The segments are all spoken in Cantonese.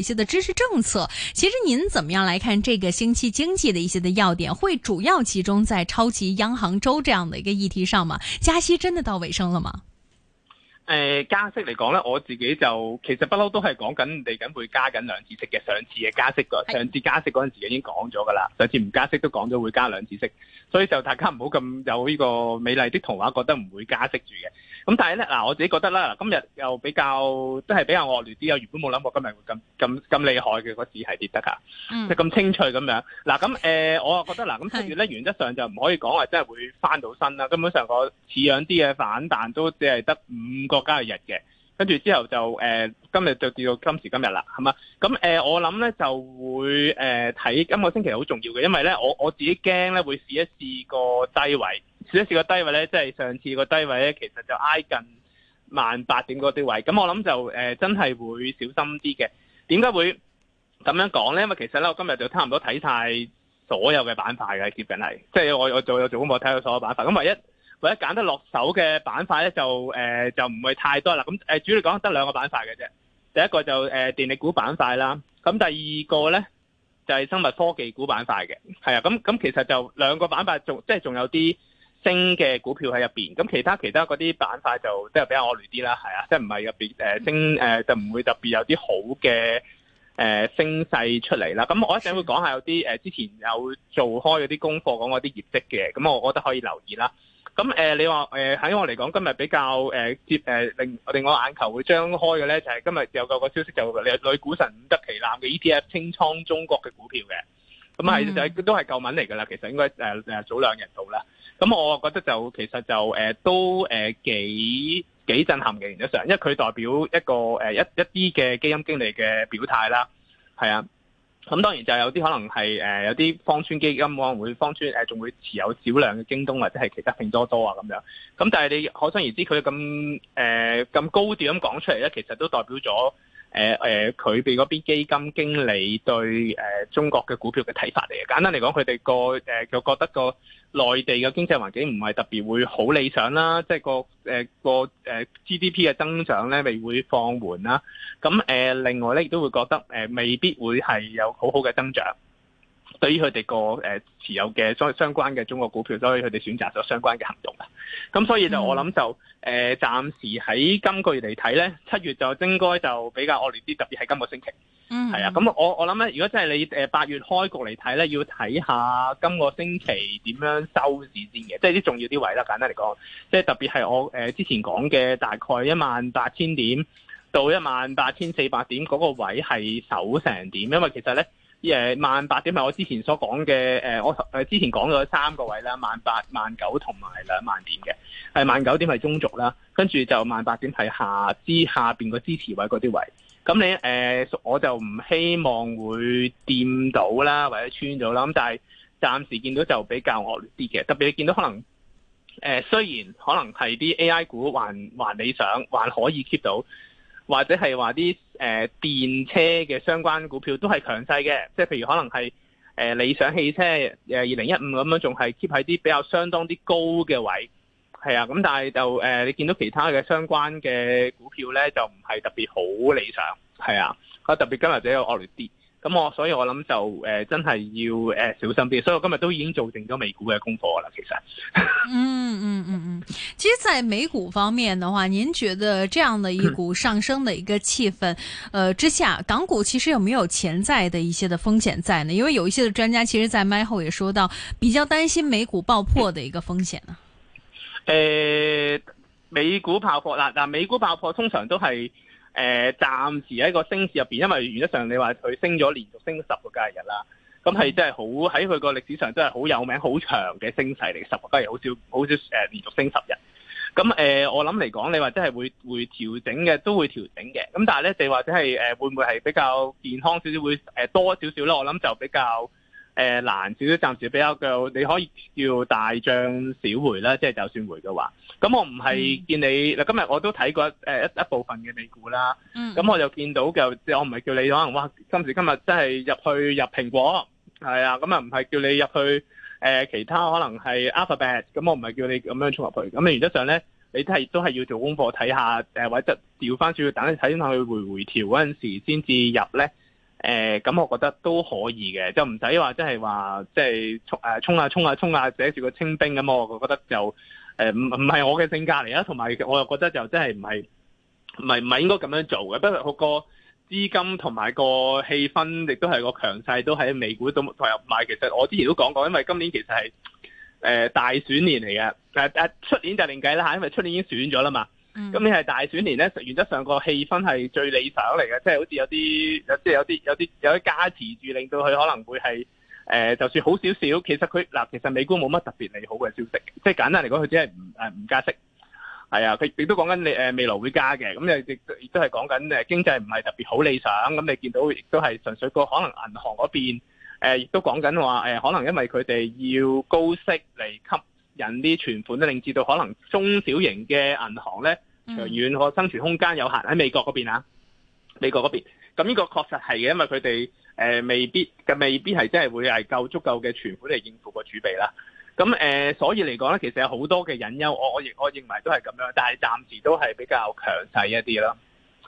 一些的支持政策，其實您怎麼樣來看這個星期經濟的一些的要點，會主要集中在超級央行周這樣的一個議題上嗎？加息真的到尾聲了嗎？誒、呃，加息嚟講咧，我自己就其實不嬲都係講緊，嚟緊會加緊兩次息嘅，上次嘅加息噶，上次加息嗰陣時已經講咗噶啦，上次唔加息都講咗會加兩次息。所以就大家唔好咁有呢個美麗的童話，覺得唔會加息住嘅。咁但係咧，嗱我自己覺得啦，嗱今日又比較都係比較惡劣啲啊！原本冇諗過今日會咁咁咁厲害嘅，個市係跌得嚇，即係咁、嗯、清脆咁樣。嗱咁誒，我啊覺得嗱咁七月咧原則上就唔可以講話真係會翻到身啦。是根本上個似樣啲嘅反彈都只係得五個交易日嘅。跟住之後就誒、呃，今日就跌到今時今日啦，係嘛？咁誒、呃，我諗咧就會誒睇今個星期好重要嘅，因為咧我我自己驚咧會試一試個低位，試一試個低位咧，即係上次個低位咧，其實就挨近萬八點嗰啲位。咁我諗就誒、呃，真係會小心啲嘅。點解會咁樣講咧？因為其實咧，我今日就差唔多睇晒所有嘅板塊嘅結論係，即係我我做我做做功課睇到所有板塊。咁唯一？或者揀得落手嘅板塊咧、呃，就誒就唔會太多啦。咁、呃、主要講得兩個板塊嘅啫。第一個就誒、呃、電力股板塊啦，咁第二個咧就係、是、生物科技股板塊嘅。係啊，咁咁其實就兩個板塊，仲即係仲有啲升嘅股票喺入邊。咁其他其他嗰啲板塊就即係比較惡劣啲啦。係啊，即係唔係入邊誒升誒、呃、就唔會特別有啲好嘅誒、呃、升勢出嚟啦。咁我一陣會講下有啲誒之前有做開嗰啲功課講過啲業績嘅，咁我覺得可以留意啦。咁誒、呃，你話誒喺我嚟講，今日比較誒接誒令令我眼球會張開嘅咧，就係、是、今日有個,個消息就係女股神伍德旗艦嘅 ETF 清倉中國嘅股票嘅，咁係就都係舊聞嚟噶啦，其實應該、呃、早兩日到啦。咁我覺得就其實就、呃、都誒、呃、幾幾震撼嘅，原則上，因為佢代表一個、呃、一一啲嘅基金經理嘅表態啦，係啊。咁當然就有啲可能係誒、呃、有啲方村基金可能會方村仲、呃、會持有少量嘅京東或者係其他拼多多啊咁樣，咁但係你可想而知佢咁誒咁高調咁講出嚟咧，其實都代表咗。誒誒，佢哋嗰邊基金經理對誒、呃、中國嘅股票嘅睇法嚟嘅。簡單嚟講，佢哋個誒就、呃、覺得個內地嘅經濟環境唔係特別會好理想啦，即、就、係、是、個誒個誒 GDP 嘅增長咧未會放緩啦。咁誒、呃、另外咧亦都會覺得誒、呃、未必會係有好好嘅增長。對於佢哋個誒持有嘅相相關嘅中國股票，所以佢哋選擇咗相關嘅行動啦。咁所以就我諗就誒，嗯、暫時喺今個月嚟睇咧，七月就應該就比較惡劣啲，特別係今個星期。嗯，係啊。咁我我諗咧，如果真係你誒八月開局嚟睇咧，要睇下今個星期點樣收市先嘅，即係啲重要啲位啦。簡單嚟講，即係特別係我誒之前講嘅大概一萬八千點到一萬八千四百點嗰個位係守成點，因為其實咧。誒萬八點係我之前所講嘅，誒我之前講咗三個位啦，萬八、萬九同埋兩萬點嘅，係萬九點係中軸啦，跟住就萬八點係下支下邊個支持位嗰啲位，咁你誒我就唔希望會掂到啦，或者穿咗啦，咁但係暫時見到就比較惡劣啲嘅，特別你見到可能誒雖然可能係啲 AI 股還還理想，還可以 keep 到。或者係話啲誒電車嘅相關股票都係強勢嘅，即係譬如可能係誒理想汽車誒二零一五咁樣，仲係 keep 喺啲比較相當啲高嘅位，係啊，咁但係就誒你見到其他嘅相關嘅股票咧，就唔係特別好理想，係啊，特別今日就有惡劣啲。咁我所以我想，我諗就誒，真係要誒、呃、小心啲。所以我今日都已經做定咗美股嘅功課啦。其實嗯，嗯嗯嗯嗯，其實在美股方面嘅話，您覺得這樣的一股上升嘅一個氣氛，呃，之下，港股其實有冇潛在的一些的風險在呢？因為有一些的專家，其實在麥後也說到，比較擔心美股爆破嘅一個風險呢，啊。誒、嗯呃，美股爆破啦，嗱，但美股爆破通常都係。誒、呃，暫時喺個升市入邊，因為原則上你話佢升咗連續升十個交易日啦，咁係真係好喺佢個歷史上真係好有名、好長嘅升勢嚟，十個交易日很，好少好少誒連續升十日。咁誒、呃，我諗嚟講，你話真係會會調整嘅，都會調整嘅。咁但係咧，你話即係誒會唔會係比較健康少少，會誒、呃、多少少咧？我諗就比較。誒難少少，暫時比較嘅，你可以叫大漲小回啦，即、就、係、是、就算回嘅話。咁我唔係見你，嗱、嗯、今日我都睇過一一,一部分嘅美股啦。咁、嗯、我就見到就，就我唔係叫你可能哇今時今日真係入去入蘋果，係啊，咁啊唔係叫你入去誒、呃、其他可能係 Alphabet。咁我唔係叫你咁樣衝入去。咁原則上咧，你係都係要做功課睇下，誒或者調返轉，等你睇下佢回回調嗰陣時先至入咧。誒，咁、嗯嗯、我覺得都可以嘅，就唔使話，即係話，即係衝，誒，衝下、啊、衝下、啊、衝下、啊啊，寫住個清兵咁，我、嗯、我覺得就誒，唔唔係我嘅性格嚟啊，同埋我又覺得就真係唔係，唔係唔係應該咁樣做嘅。不過個資金同埋個氣氛，亦都係個強勢，都喺美股度投入買。其實我之前都講過，因為今年其實係誒、呃、大選年嚟嘅，誒誒，出年就另計啦吓，因為出年已經選咗啦嘛。咁你係大選年咧，原則上個氣氛係最理想嚟嘅，即係好似有啲，即係有啲，有啲有啲加持住，令到佢可能會係誒、呃，就算好少少。其實佢嗱，其實美股冇乜特別利好嘅消息，即係簡單嚟講，佢只係唔誒唔加息，係啊。佢亦都講緊你誒，未來會加嘅。咁你亦亦都係講緊誒，經濟唔係特別好理想。咁、嗯、你見到亦都係純粹個可能銀行嗰邊誒，亦、呃、都講緊話誒，可能因為佢哋要高息嚟吸。引啲存款咧，令至到可能中小型嘅銀行咧，長、嗯、遠可生存空間有限。喺美國嗰邊啊，美國嗰邊，咁呢個確實係嘅，因為佢哋誒未必嘅未必係真係會係夠足夠嘅存款嚟應付個儲備啦。咁誒、呃，所以嚟講咧，其實有好多嘅隱憂，我我認我認為都係咁樣，但係暫時都係比較強勢一啲咯。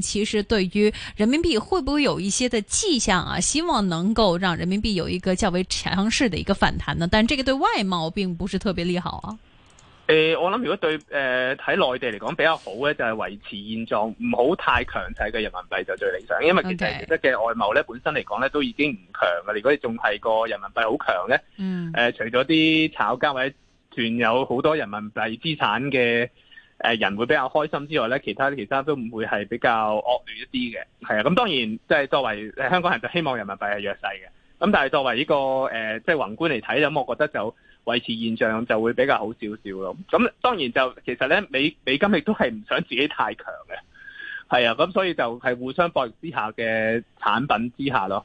其實對於人民幣會不會有一些的跡象啊？希望能夠讓人民幣有一個較為強勢的一個反彈呢？但這個對外貿並不是特別利好啊。誒、呃，我諗如果對誒喺、呃、內地嚟講比較好咧，就係、是、維持現狀，唔好太強勢嘅，人民幣就最理想，因為其實其實嘅外貿咧本身嚟講咧都已經唔強嘅，如果你仲係個人民幣好強咧，誒、嗯呃、除咗啲炒家或者存有好多人民幣資產嘅。誒人會比較開心之外咧，其他其他都唔會係比較惡劣一啲嘅，係啊。咁當然即係作為香港人就希望人民幣係弱勢嘅，咁但係作為呢個誒即係宏觀嚟睇，咁我覺得就維持現象就會比較好少少咯。咁當然就其實咧美美金亦都係唔想自己太強嘅，係啊。咁所以就係互相博弈之下嘅產品之下咯。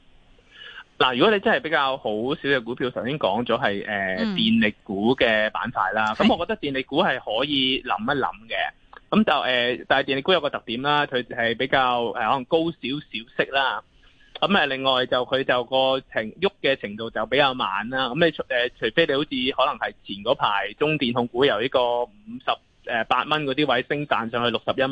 嗱，如果你真係比較好少嘅股票，頭先講咗係誒電力股嘅板塊啦，咁、嗯、我覺得電力股係可以諗一諗嘅。咁的就誒、呃，但係電力股有個特點啦，佢係比較可能、呃、高少少息啦。咁另外就佢就個程喐嘅程度就比較慢啦。咁你誒除、呃、除非你好似可能係前嗰排中電控股由呢個五十八蚊嗰啲位升彈上去六十一蚊，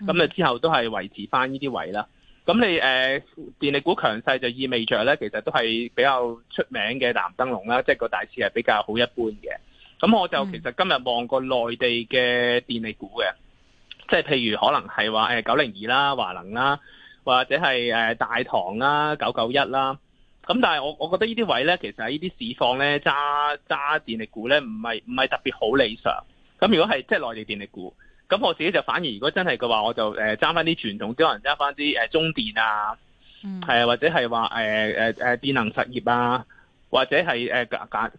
咁誒、嗯、之後都係維持返呢啲位啦。咁你誒、呃、電力股強勢就意味着咧，其實都係比較出名嘅藍燈籠啦，即、就、係、是、個大市係比較好一般嘅。咁我就其實今日望過內地嘅電力股嘅，即、就、係、是、譬如可能係話誒九零二啦、呃、2, 華能啦，或者係、呃、大唐啦、九九一啦。咁但係我我覺得呢啲位咧，其實喺呢啲市況咧，揸揸電力股咧，唔係唔係特別好理想。咁如果係即係內地電力股。咁我自己就反而如果真係嘅話，我就誒揸翻啲傳統，即可能揸翻啲誒中電啊，啊、嗯，或者係話誒誒電能實業啊，或者係誒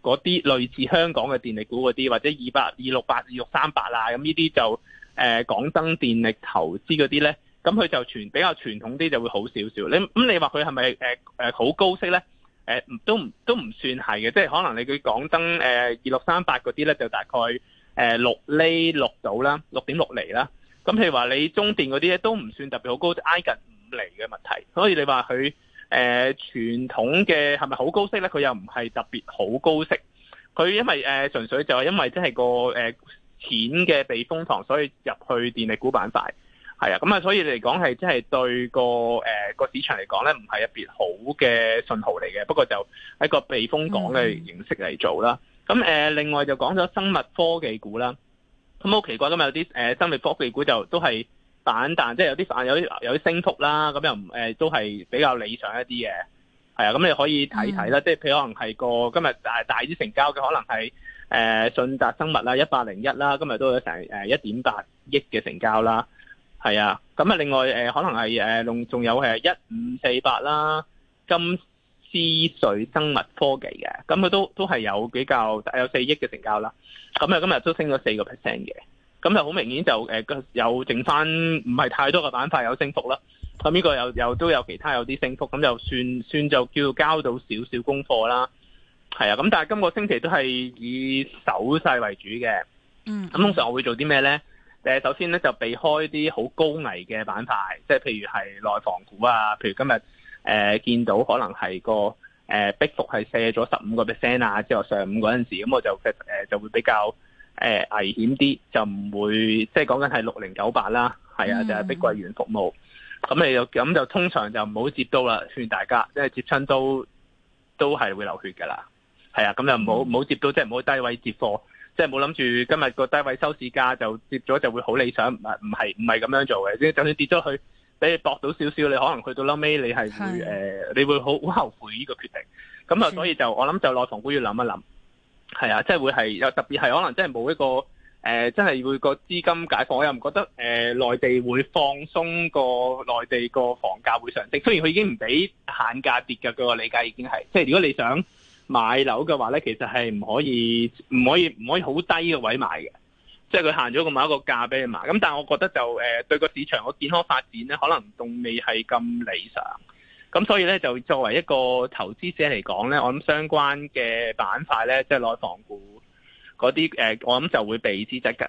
嗰啲類似香港嘅電力股嗰啲，或者二百二六八、二六三八啊，咁呢啲就誒港燈電力投資嗰啲咧，咁佢就傳比較傳統啲就會好少少。你咁你話佢係咪誒好高息咧？誒都唔都唔算係嘅，即係可能你佢港燈誒二六三八嗰啲咧，就大概。誒六、呃、厘六度啦，六點六厘啦。咁譬如話你中電嗰啲咧，都唔算特別好高，挨近五厘嘅問題。所以你話佢誒傳統嘅係咪好高息咧？佢又唔係特別好高息。佢因為誒純、呃、粹就係因為即係個誒、呃、淺嘅避風塘，所以入去電力股板塊係啊。咁啊，所以嚟講係即係對個誒個、呃、市場嚟講咧，唔係一別好嘅信號嚟嘅。不過就一個避風港嘅形式嚟做啦。嗯咁誒，另外就講咗生物科技股啦。咁好奇怪今日有啲誒生物科技股就都係反彈，即係有啲反，有啲有啲升幅啦。咁又唔誒，都係比較理想一啲嘅。係啊，咁你可以睇睇啦。即係譬如可能係個今日大大啲成交嘅，可能係誒信達生物啦，一八零一啦，今日都有成誒一點八億嘅成交啦。係啊，咁啊，另外可能係誒仲有係一五四八啦，金，資水生物科技嘅，咁佢都都係有比較有四億嘅成交啦。咁啊，今日都升咗四個 percent 嘅，咁就好明顯就誒有、呃、剩翻，唔係太多嘅板塊有升幅啦。咁呢個又又都有其他有啲升幅，咁就算算就叫交到少少功課啦。係啊，咁但係今個星期都係以守勢為主嘅。嗯，咁通常我會做啲咩咧？誒，首先咧就避開啲好高危嘅板塊，即係譬如係內房股啊，譬如今日。誒、呃、見到可能係個誒逼幅係卸咗十五個 percent 啊，之後上午嗰陣時，咁我就其實就會比較誒、呃、危險啲，就唔會即係講緊係六零九八啦，係、mm. 啊，就係、是、碧桂園服務。咁你就咁就通常就唔好接刀啦，勸大家即係接親都都係會流血㗎啦。係啊，咁就唔好唔好接刀，即係唔好低位接貨，即係冇諗住今日個低位收市價就跌咗就會好理想，唔係唔係咁樣做嘅，即係就算跌咗去。你博到少少，你可能去到後尾，你係會誒，你會好好後悔呢個決定。咁啊，所以就我諗就內房股要諗一諗，係啊，即係會係又特別係可能真係冇一個誒，真、呃、係會個資金解放。我又唔覺得誒，內、呃、地會放鬆個內地個房價會上升。雖然佢已經唔俾限價跌㗎，佢個理解已經係，即係如果你想買樓嘅話咧，其實係唔可以，唔可以，唔可以好低嘅位買嘅。即係佢行咗咁樣一個價俾佢買，咁但係我覺得就誒對個市場個健康發展咧，可能仲未係咁理想，咁所以咧就作為一個投資者嚟講咧，我諗相關嘅板塊咧，即係內房股嗰啲誒，我諗就會避之則吉，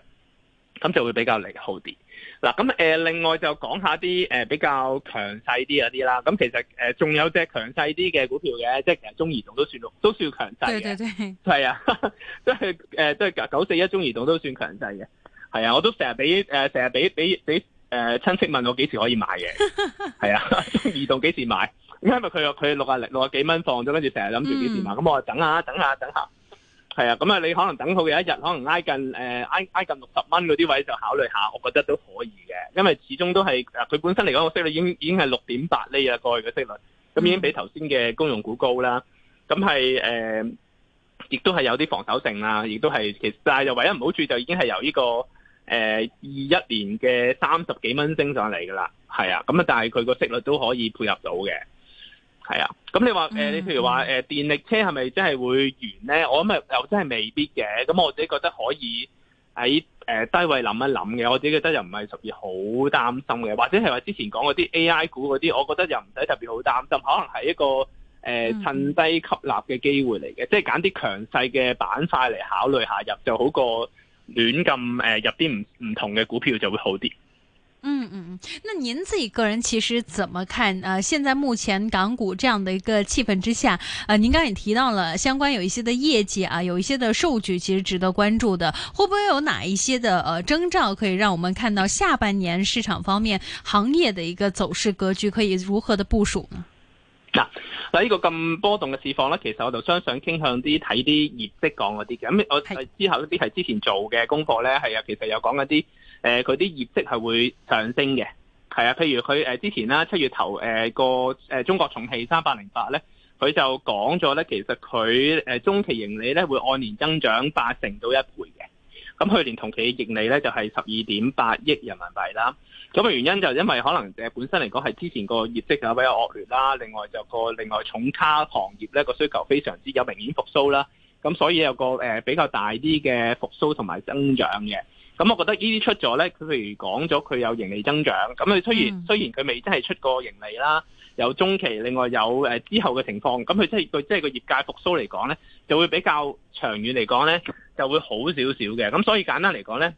咁就會比較利好啲。嗱咁誒，另外就講下啲誒、呃、比較強勢啲嗰啲啦。咁、嗯、其實誒仲、呃、有隻強勢啲嘅股票嘅，即係其實中移動都算都算強勢嘅，係啊，即係誒，即係九四一中移動都算強勢嘅，係啊，我都成日俾誒，成日俾俾俾誒親戚問我幾時可以買嘅，係 啊，中移動幾時買？因為佢話佢六啊六啊幾蚊放咗，跟住成日諗住幾時買，咁、嗯、我話等下等下等下。等係啊，咁啊，你可能等好嘅一日，可能挨近挨、呃、挨近六十蚊嗰啲位就考慮下，我覺得都可以嘅，因為始終都係佢本身嚟講，個息率已經已經係六點八厘啊，過去嘅息率，咁已經比頭先嘅公用股高啦，咁係誒，亦、呃、都係有啲防守性啦，亦都係其實，但係就唯一唔好處就已經係由呢、這個誒二一年嘅三十幾蚊升上嚟噶啦，係啊，咁啊，但係佢個息率都可以配合到嘅。係啊，咁你話誒、呃，你譬如話誒、呃、電力車係咪真係會完呢？我諗又真係未必嘅。咁我自己覺得可以喺誒、呃、低位諗一諗嘅。我自己覺得又唔係屬於好擔心嘅。或者係話之前講嗰啲 AI 股嗰啲，我覺得又唔使特別好擔心。可能係一個誒趁、呃、低吸納嘅機會嚟嘅，嗯、即係揀啲強勢嘅板塊嚟考慮下入就好過亂咁誒入啲唔唔同嘅股票就會好啲。嗯嗯嗯，那您自己個人其實怎麼看？呃，現在目前港股這樣的一個氣氛之下，呃您剛才也提到了相關有一些的業績啊，有一些的數據其實值得關注的，會不會有哪一些的呃徵兆可以讓我們看到下半年市場方面行業的一個走勢格局可以如何的部署呢？嗱嗱，呢個咁波動嘅市況呢，其實我就相信傾向啲睇啲業績講嗰啲嘅咁，我之後呢啲係之前做嘅功課呢，係啊，其實有講一啲。誒，佢啲業績係會上升嘅，係啊，譬如佢誒之前啦，七月頭誒個誒中國重汽三八零八咧，佢就講咗咧，其實佢誒中期盈利咧會按年增長八成到一倍嘅。咁去年同期嘅盈利咧就係十二點八億人民幣啦。咁嘅原因就因為可能誒本身嚟講係之前個業績就比較惡劣啦，另外就個另外重卡行業咧個需求非常之有明顯復甦啦。咁所以有個誒比較大啲嘅復甦同埋增長嘅。咁我覺得呢啲出咗咧，佢譬如講咗佢有盈利增長，咁佢雖然、嗯、雖然佢未真係出過盈利啦，有中期，另外有、呃、之後嘅情況，咁佢即係佢即係個業界復甦嚟講咧，就會比較長遠嚟講咧，就會好少少嘅。咁所以簡單嚟講咧，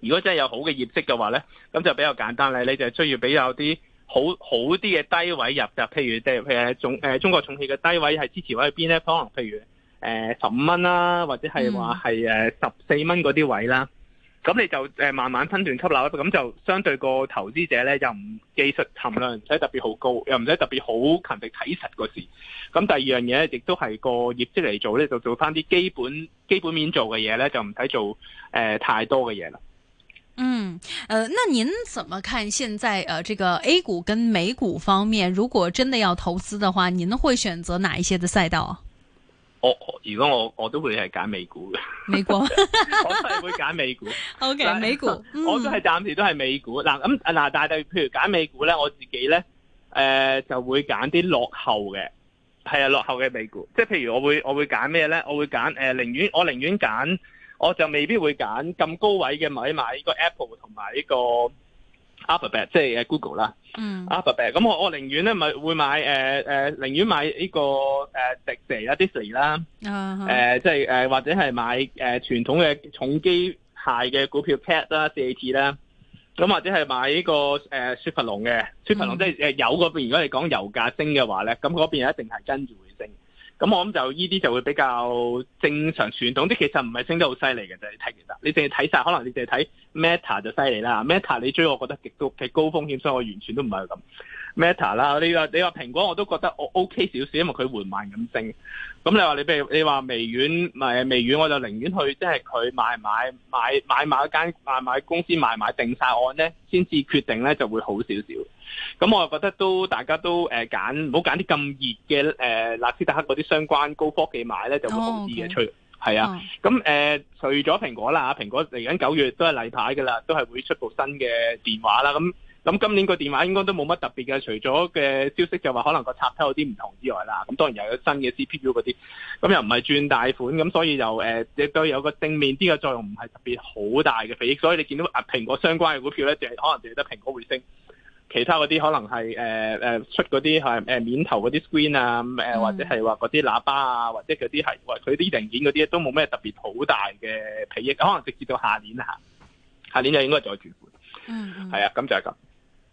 如果真係有好嘅業績嘅話咧，咁就比較簡單咧，你就需要比較啲好好啲嘅低位入嘅，譬如即係誒中國重汽嘅低位係支持位喺邊咧？可能譬如誒十五蚊啦，或者係話係誒十四蚊嗰啲位啦。嗯。咁你就慢慢分段吸納啦，咁就相對個投資者咧又唔技術含量唔使特別好高，又唔使特別好勤力睇實個事。咁第二樣嘢咧，亦都係個業績嚟做咧，就做翻啲基本基本面做嘅嘢咧，就唔使做、呃、太多嘅嘢啦。嗯，誒、呃，那您怎麼看現在誒、呃、這個 A 股跟美股方面，如果真的要投資的話，您會選擇哪一些的賽道啊？我如果我我都會係揀美股嘅，美國我都係會揀美股。O K. 美股我都係暫時都係美股。嗱咁嗱，但係譬如揀美股咧，我自己咧，誒就會揀啲落後嘅，係啊落後嘅美股。即係譬如我會我會揀咩咧？我會揀誒寧願我寧願揀，我就未必會揀咁高位嘅買買呢個 Apple 同埋呢個。Alphabet 即係誒 Google 啦，phabet, Go ogle, 嗯 Alphabet 咁我我寧願咧咪會買誒誒寧願買呢、這個誒迪士尼啦，Disney 啦，誒即係誒或者係買誒傳、呃、統嘅重機械嘅股票，Pad 啦 CAT 啦、啊，咁或者係買呢、這個誒、呃、雪佛龍嘅雪佛龍即係誒油 𠮶 邊，如果你講油價升嘅話咧，咁 𠮶 邊一定係跟住會升咁我諗就依啲就會比較正常傳統啲，其實唔係升得好犀利嘅就係睇其實你淨係睇晒，可能你淨係睇 Meta 就犀利啦。Meta 你追我覺得極高極高風險，所以我完全都唔係咁。Meta 啦，你話你話蘋果我都覺得我 OK 少少，因為佢緩慢咁升。咁你話你譬如你話微軟咪微軟，微軟我就寧願去即係佢買買買買買一間買買公司買買定晒案咧，先至決定咧就會好少少。咁我就覺得都大家都誒揀，唔好揀啲咁熱嘅誒納斯達克嗰啲相關高科技買咧，就會好啲嘅。除係啊，咁誒除咗蘋果啦，蘋果嚟緊九月都係例牌噶啦，都係會出部新嘅電話啦。咁、嗯咁今年個電話應該都冇乜特別嘅，除咗嘅消息就話可能個插頭有啲唔同之外啦。咁當然又有新嘅 CPU 嗰啲，咁又唔係轉大款，咁所以就誒亦都有個正面啲嘅作用，唔係特別好大嘅裨益。所以你見到啊蘋果相關嘅股票咧，就係可能只係得蘋果會升，其他嗰啲可能係誒誒出嗰啲係誒面頭嗰啲 screen 啊，誒、呃嗯、或者係話嗰啲喇叭啊，或者嗰啲係或佢啲零件嗰啲都冇咩特別好大嘅裨益，可能直至到下年吓，下年就應該再轉款。嗯，嗯，係啊，咁就係咁。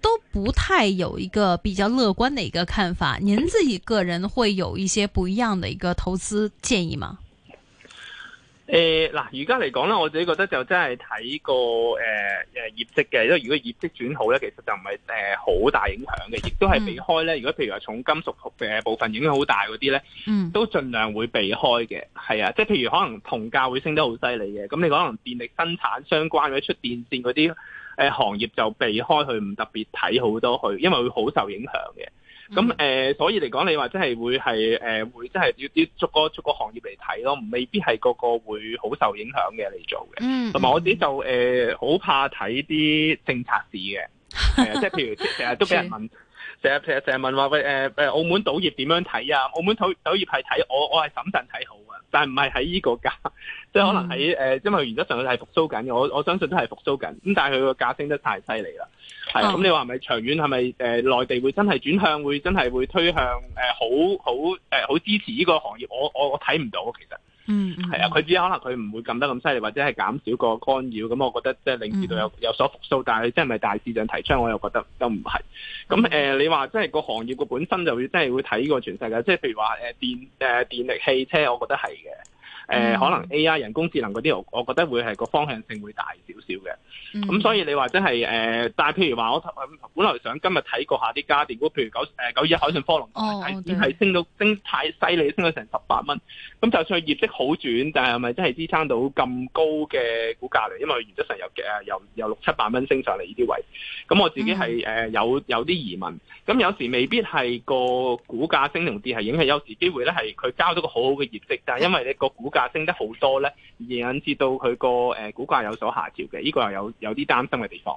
都不太有一個比較樂觀的一個看法。您自己個人會有一些不一樣的一個投資建議嗎？誒、呃，嗱，而家嚟講咧，我自己覺得就真係睇個誒誒業績嘅，因為如果業績轉好咧，其實就唔係誒好大影響嘅，亦都係避開咧。嗯、如果譬如話重金屬嘅部分影響好大嗰啲咧，嗯、都盡量會避開嘅。係啊，即係譬如可能銅價會升得好犀利嘅，咁你可能電力生產相關嘅出電線嗰啲。誒行業就避開佢，唔特別睇好多佢，因為會好受影響嘅。咁誒、嗯呃，所以嚟講，你話真係會係誒、呃，會真係要要逐個逐個行業嚟睇咯，未必係個個會好受影響嘅嚟做嘅。同埋、嗯、我自己就誒好、呃、怕睇啲政策市嘅、嗯呃，即係譬如成日都俾人問，成日成日成日問話喂誒誒、呃，澳門賭業點樣睇啊？澳門賭賭業係睇我我係審慎睇好啊，但唔係喺依個價。即係可能喺誒，嗯、因為原則上佢係復甦緊嘅，我我相信都係復甦緊。咁但係佢個價升得太犀利啦，係咁你話係咪長遠係咪誒內地會真係轉向，會真係會推向誒好好誒好支持呢個行業？我我我睇唔到其實，嗯，係啊，佢只可能佢唔會撳得咁犀利，或者係減少個干擾。咁我覺得即係令到有有所復甦，嗯、但係你真係咪大市場提倡？我又覺得都唔係。咁誒、嗯呃，你話即係個行業個本身就會真係會睇呢個全世界，即係譬如話誒電誒電力汽車，我覺得係嘅。誒、呃、可能 A.I. 人工智能嗰啲，我覺得會係個方向性會大少少嘅。咁、嗯嗯、所以你話真係誒、呃，但係譬如話我本來想今日睇過下啲家電股，譬如九誒九二海信科龍，已經係升到對升太犀利，升到成十八蚊。咁就算業績好轉，但係咪真係支撐到咁高嘅股價嚟？因為原則上有嘅，有六七百蚊升上嚟呢啲位。咁我自己係、呃、有有啲疑問。咁有時未必係個股價升同跌係影響，有時機會咧係佢交咗個好好嘅業績，但係因為你個股。價升得好多咧，而引致到佢個誒股價有所下調嘅，呢個又有有啲擔心嘅地方。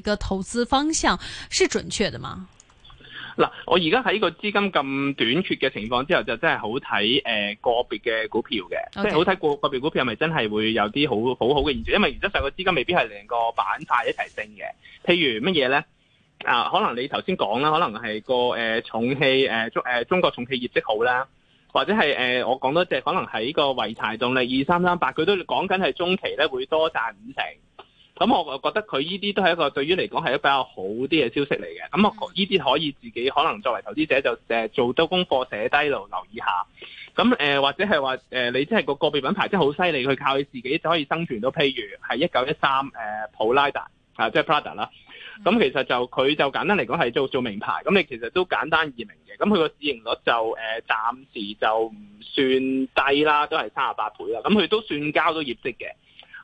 個投資方向是準確的嗎？嗱，我而家喺個資金咁短缺嘅情況之後，就真係好睇誒個別嘅股票嘅，Okay. 即係好睇個個別股票係咪真係會有啲好好好嘅現象？因為實質上個資金未必係成個板塊一齊升嘅。譬如乜嘢咧？啊，可能你頭先講啦，可能係個誒重汽誒中誒中國重汽業績好啦，或者係誒我講多隻可能喺個濰柴動力二三三八，佢都講緊係中期咧會多賺五成。咁我我覺得佢呢啲都係一個對於嚟講係比較好啲嘅消息嚟嘅，咁我呢啲可以自己可能作為投資者就做多功課寫低度留意下，咁誒、呃、或者係話誒你即係個個別品牌即係好犀利，佢靠佢自己就可以生存到，譬如係一九一三誒普拉達啊，即係 Prada 啦，咁、嗯、其實就佢就簡單嚟講係做做名牌，咁你其實都簡單易明嘅，咁佢個市盈率就誒、呃、暫時就唔算低啦，都係三十八倍啦，咁佢都算交到業績嘅。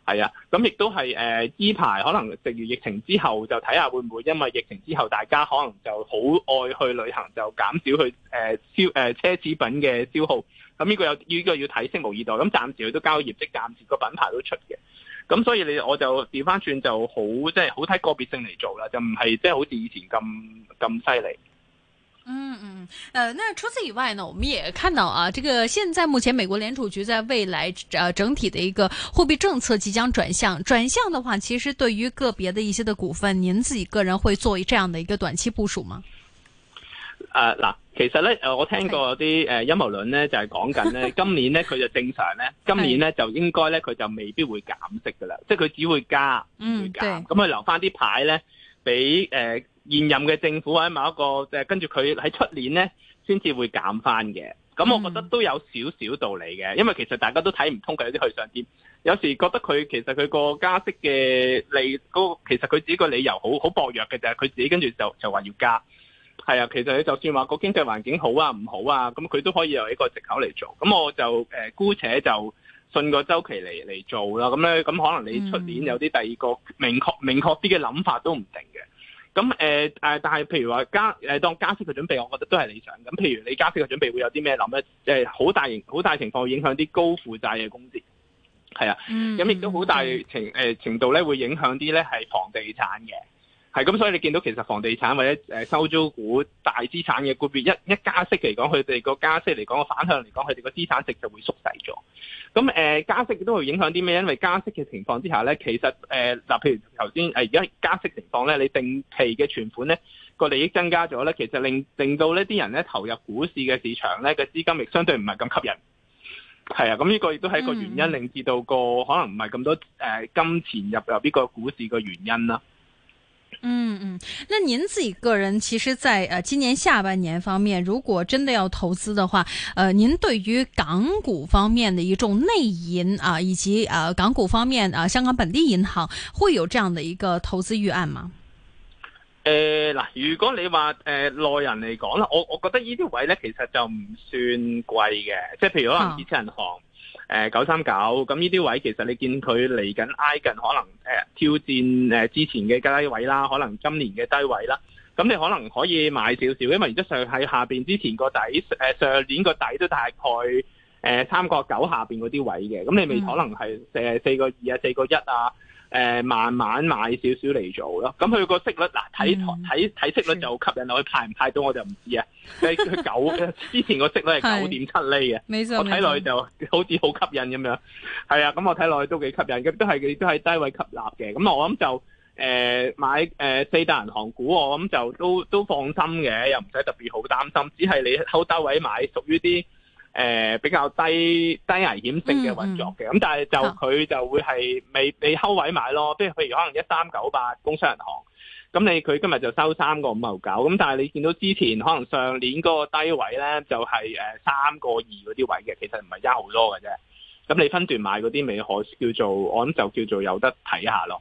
係啊，咁亦都係誒，呢排可能食完疫情之後，就睇下會唔會因為疫情之後大家可能就好愛去旅行，就減少去誒消誒奢侈品嘅消耗。咁呢個有呢個要睇拭目以待。咁暫時佢都交咗業績，暫時個品牌都出嘅。咁所以你我就調翻轉就好，即係好睇個別性嚟做啦，就唔係即係好似以前咁咁犀利。嗯嗯，呃，那除此以外呢，我們也看到啊，這個現在目前美國聯儲局在未來呃整體的一個貨幣政策即將轉向。轉向的話，其實對於個別的一些的股份，您自己個人會做這樣的一個短期部署嗎？呃，嗱，其實呢，呃，我聽過啲，誒對、呃，陰謀論呢，就係、是、講緊呢，今年呢，佢就正常呢， 今年呢，對就應該呢，佢就未必會減息噶啦，即係佢只會加，唔會減嗯，加咁佢留翻啲牌呢，俾誒。呃現任嘅政府或者某一個，即、就是、跟住佢喺出年咧，先至會減翻嘅。咁我覺得都有少少道理嘅，因為其實大家都睇唔通佢。有啲去上天。有時覺得佢其實佢個加息嘅理，其實佢自己個理由好好薄弱嘅，就係、是、佢自己跟住就就話要加。係啊，其實你就算話個經濟環境好啊、唔好啊，咁佢都可以有一個藉口嚟做。咁我就誒、呃、姑且就信個周期嚟嚟做啦。咁咧，咁可能你出年有啲第二個明確、嗯、明確啲嘅諗法都唔定嘅。咁誒、嗯、但係譬如話加當加息嘅準備，我覺得都係理想。咁譬如你加息嘅準備會有啲咩諗咧？好大型好大情況會影響啲高負債嘅工資。係啊，咁亦都好大程程度咧，會影響啲咧係房地產嘅。係咁，所以你見到其實房地產或者收租股大資產嘅股票一，一一加息嚟講，佢哋個加息嚟講個反向嚟講，佢哋個資產值就會縮細咗。咁、呃、加息都會影響啲咩？因為加息嘅情況之下咧，其實誒嗱、呃，譬如頭先誒而家加息情況咧，你定期嘅存款咧個利益增加咗咧，其實令令到呢啲人咧投入股市嘅市場咧個資金亦相對唔係咁吸引。係啊，咁呢個亦都係一個原因，令至到個可能唔係咁多金錢入入呢個股市嘅原因啦。嗯嗯，那您自己個人其實，在呃今年下半年方面，如果真的要投資的話，呃，您對於港股方面的一種內銀啊，以及、啊、港股方面啊香港本地銀行，會有這樣的一個投資預案嗎？誒，嗱，如果你話誒內人嚟講啦，我我覺得這些置呢啲位咧，其實就唔算貴嘅，即係譬如可能建設銀行。誒，九三九，咁呢啲位其實你見佢嚟緊挨近，可能誒、呃、挑戰誒、呃、之前嘅低位啦，可能今年嘅低位啦，咁你可能可以買少少，因為而家上喺下邊之前個底誒、呃、上年個底都大概誒、呃、三個九下邊嗰啲位嘅，咁你未可能係四個二啊，四個一啊。嗯誒、呃，慢慢買少少嚟做咯，咁佢個息率，嗱，睇睇睇息率就吸引啦，佢派唔派到我就唔知啊。佢九 之前個息率係九點七厘嘅，我睇落去就好似好吸引咁樣。係啊，咁、嗯、我睇落去都幾吸引，咁都係都係低位吸納嘅。咁、嗯、我諗就誒、呃、買誒、呃、四大銀行股，我諗就都都放心嘅，又唔使特別好擔心，只係你喺好低位買，屬於啲。誒、呃、比較低低危險性嘅運作嘅，咁、嗯嗯、但係就佢、啊、就會係未溝位買咯，即係譬如可能一三九八工商銀行，咁你佢今日就收三個五毫九，咁但係你見到之前可能上年嗰個低位咧，就係誒三個二嗰啲位嘅，其實唔係差好多嘅啫，咁你分段買嗰啲未可叫做，我諗就叫做有得睇下咯。